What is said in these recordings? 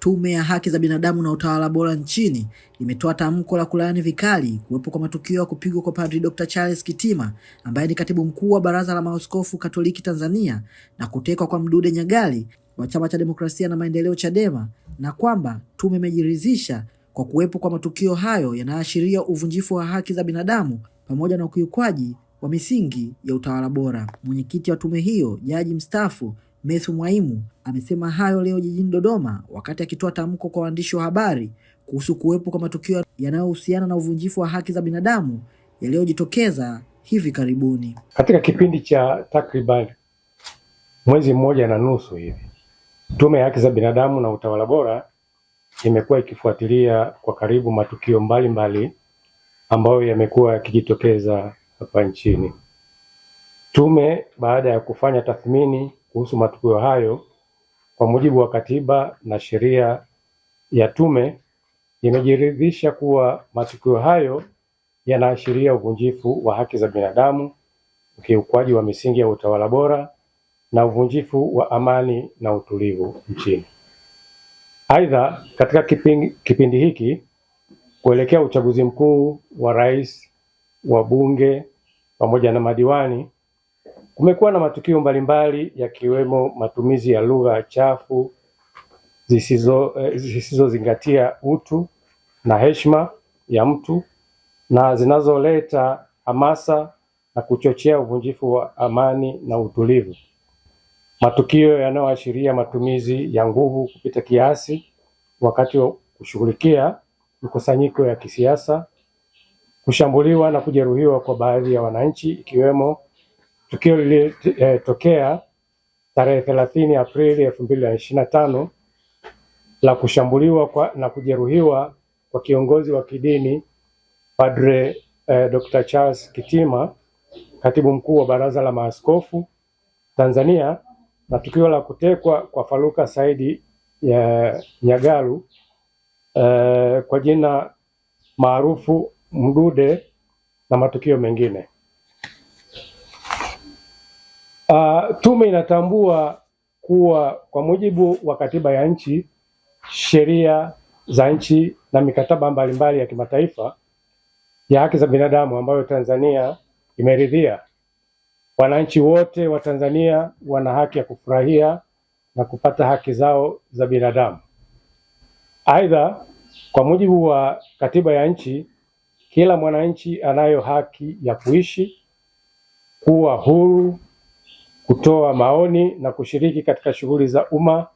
Tume ya Haki za Binadamu na Utawala Bora nchini imetoa tamko la kulaani vikali kuwepo kwa matukio ya kupigwa kwa Padri Dr. Charles Kitima ambaye ni katibu mkuu wa Baraza la Maaskofu Katoliki Tanzania na kutekwa kwa Mdude Nyagali wa Chama cha Demokrasia na Maendeleo Chadema, na kwamba tume imejiridhisha kwa kuwepo kwa matukio hayo yanayoashiria uvunjifu wa haki za binadamu pamoja na ukiukwaji wa misingi ya utawala bora. Mwenyekiti wa tume hiyo, jaji mstaafu Messi Mwaimu amesema hayo leo jijini Dodoma wakati akitoa tamko kwa waandishi wa habari kuhusu kuwepo kwa matukio yanayohusiana na uvunjifu wa haki za binadamu yaliyojitokeza hivi karibuni. Katika kipindi cha takriban mwezi mmoja na nusu hivi, Tume ya Haki za Binadamu na Utawala Bora imekuwa ikifuatilia kwa karibu matukio mbalimbali mbali ambayo yamekuwa yakijitokeza hapa nchini. Tume baada ya kufanya tathmini kuhusu matukio hayo kwa mujibu wa katiba na sheria ya tume imejiridhisha kuwa matukio hayo yanaashiria uvunjifu wa haki za binadamu, ukiukwaji wa misingi ya utawala bora na uvunjifu wa amani na utulivu nchini. Aidha, katika kipindi, kipindi hiki kuelekea uchaguzi mkuu wa rais, wa bunge pamoja na madiwani Kumekuwa na matukio mbalimbali yakiwemo matumizi ya lugha chafu zisizo eh, zisizozingatia utu na heshima ya mtu na zinazoleta hamasa na kuchochea uvunjifu wa amani na utulivu. Matukio yanayoashiria matumizi ya nguvu kupita kiasi wakati wa kushughulikia mikusanyiko ya kisiasa, kushambuliwa na kujeruhiwa kwa baadhi ya wananchi ikiwemo Tukio lilitokea eh, tarehe thelathini Aprili elfu mbili na ishirini na tano la kushambuliwa kwa, na kujeruhiwa kwa kiongozi wa kidini Padre eh, Dr. Charles Kitima, katibu mkuu wa Baraza la Maaskofu Tanzania, na tukio la kutekwa kwa Faluka Saidi ya Nyagalu eh, kwa jina maarufu Mdude na matukio mengine. Uh, tume inatambua kuwa kwa mujibu wa katiba ya nchi, sheria za nchi na mikataba mbalimbali ya kimataifa ya haki za binadamu ambayo Tanzania imeridhia, wananchi wote wa Tanzania wana haki ya kufurahia na kupata haki zao za binadamu. Aidha, kwa mujibu wa katiba ya nchi, kila mwananchi anayo haki ya kuishi, kuwa huru kutoa maoni na kushiriki katika shughuli za umma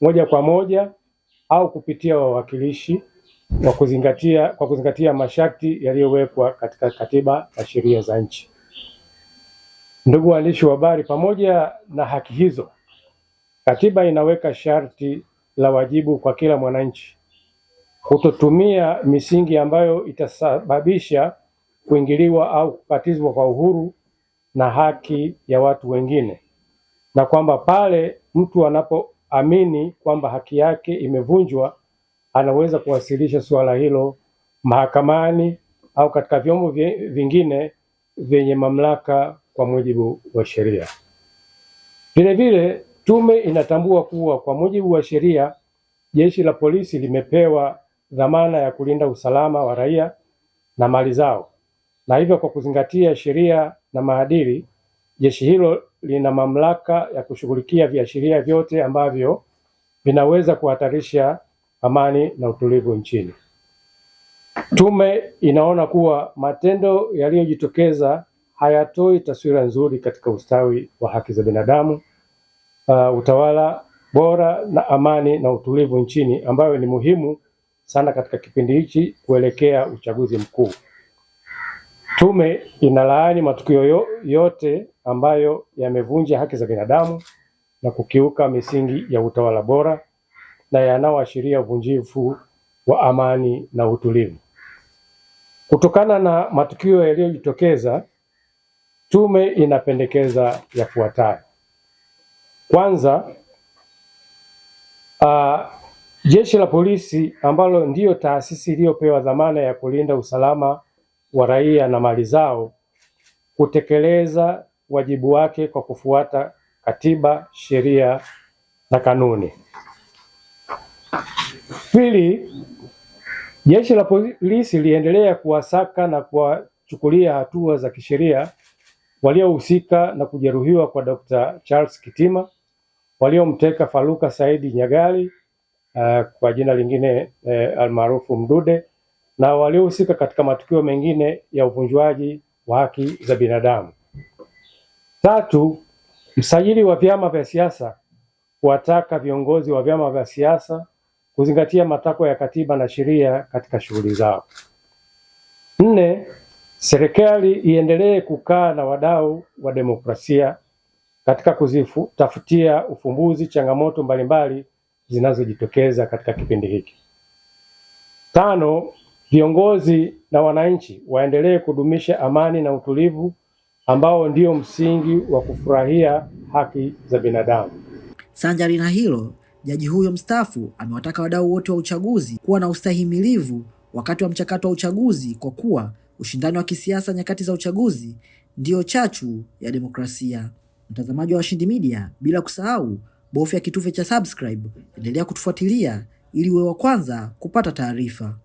moja kwa moja au kupitia wawakilishi kwa kuzingatia, kwa kuzingatia masharti yaliyowekwa katika katiba na sheria za nchi. Ndugu waandishi wa habari, pamoja na haki hizo, katiba inaweka sharti la wajibu kwa kila mwananchi kutotumia misingi ambayo itasababisha kuingiliwa au kukatizwa kwa uhuru na haki ya watu wengine, na kwamba pale mtu anapoamini kwamba haki yake imevunjwa anaweza kuwasilisha suala hilo mahakamani au katika vyombo vingine vyenye mamlaka kwa mujibu wa sheria. Vilevile, tume inatambua kuwa kwa mujibu wa sheria jeshi la polisi limepewa dhamana ya kulinda usalama wa raia na mali zao na hivyo kwa kuzingatia sheria na maadili, jeshi hilo lina mamlaka ya kushughulikia viashiria vyote ambavyo vinaweza kuhatarisha amani na utulivu nchini. Tume inaona kuwa matendo yaliyojitokeza hayatoi taswira nzuri katika ustawi wa haki za binadamu, uh, utawala bora na amani na utulivu nchini, ambayo ni muhimu sana katika kipindi hichi kuelekea uchaguzi mkuu. Tume inalaani matukio yote ambayo yamevunja haki za binadamu na kukiuka misingi ya utawala bora na yanayoashiria uvunjifu wa amani na utulivu. Kutokana na matukio yaliyojitokeza, tume inapendekeza yafuatayo. Kwanza, uh, jeshi la polisi ambalo ndiyo taasisi iliyopewa dhamana ya kulinda usalama wa raia na mali zao kutekeleza wajibu wake kwa kufuata katiba, sheria na kanuni. Pili, jeshi la polisi liendelea kuwasaka na kuwachukulia hatua za kisheria waliohusika na kujeruhiwa kwa Dr. Charles Kitima, waliomteka Faluka Saidi Nyagali uh, kwa jina lingine uh, almaarufu Mdude na waliohusika katika matukio mengine ya uvunjwaji wa haki za binadamu. Tatu, msajili wa vyama vya siasa kuwataka viongozi wa vyama vya siasa kuzingatia matakwa ya katiba na sheria katika shughuli zao. Nne, serikali iendelee kukaa na wadau wa demokrasia katika kuzitafutia ufumbuzi changamoto mbalimbali zinazojitokeza katika kipindi hiki. Tano, Viongozi na wananchi waendelee kudumisha amani na utulivu ambao ndio msingi wa kufurahia haki za binadamu. Sanjari na hilo, jaji huyo mstaafu amewataka wadau wote wa uchaguzi kuwa na ustahimilivu wakati wa mchakato wa uchaguzi kwa kuwa ushindani wa kisiasa nyakati za uchaguzi ndiyo chachu ya demokrasia. Mtazamaji wa Washindi Media, bila kusahau bofya kitufe cha subscribe, endelea kutufuatilia ili uwe wa kwanza kupata taarifa.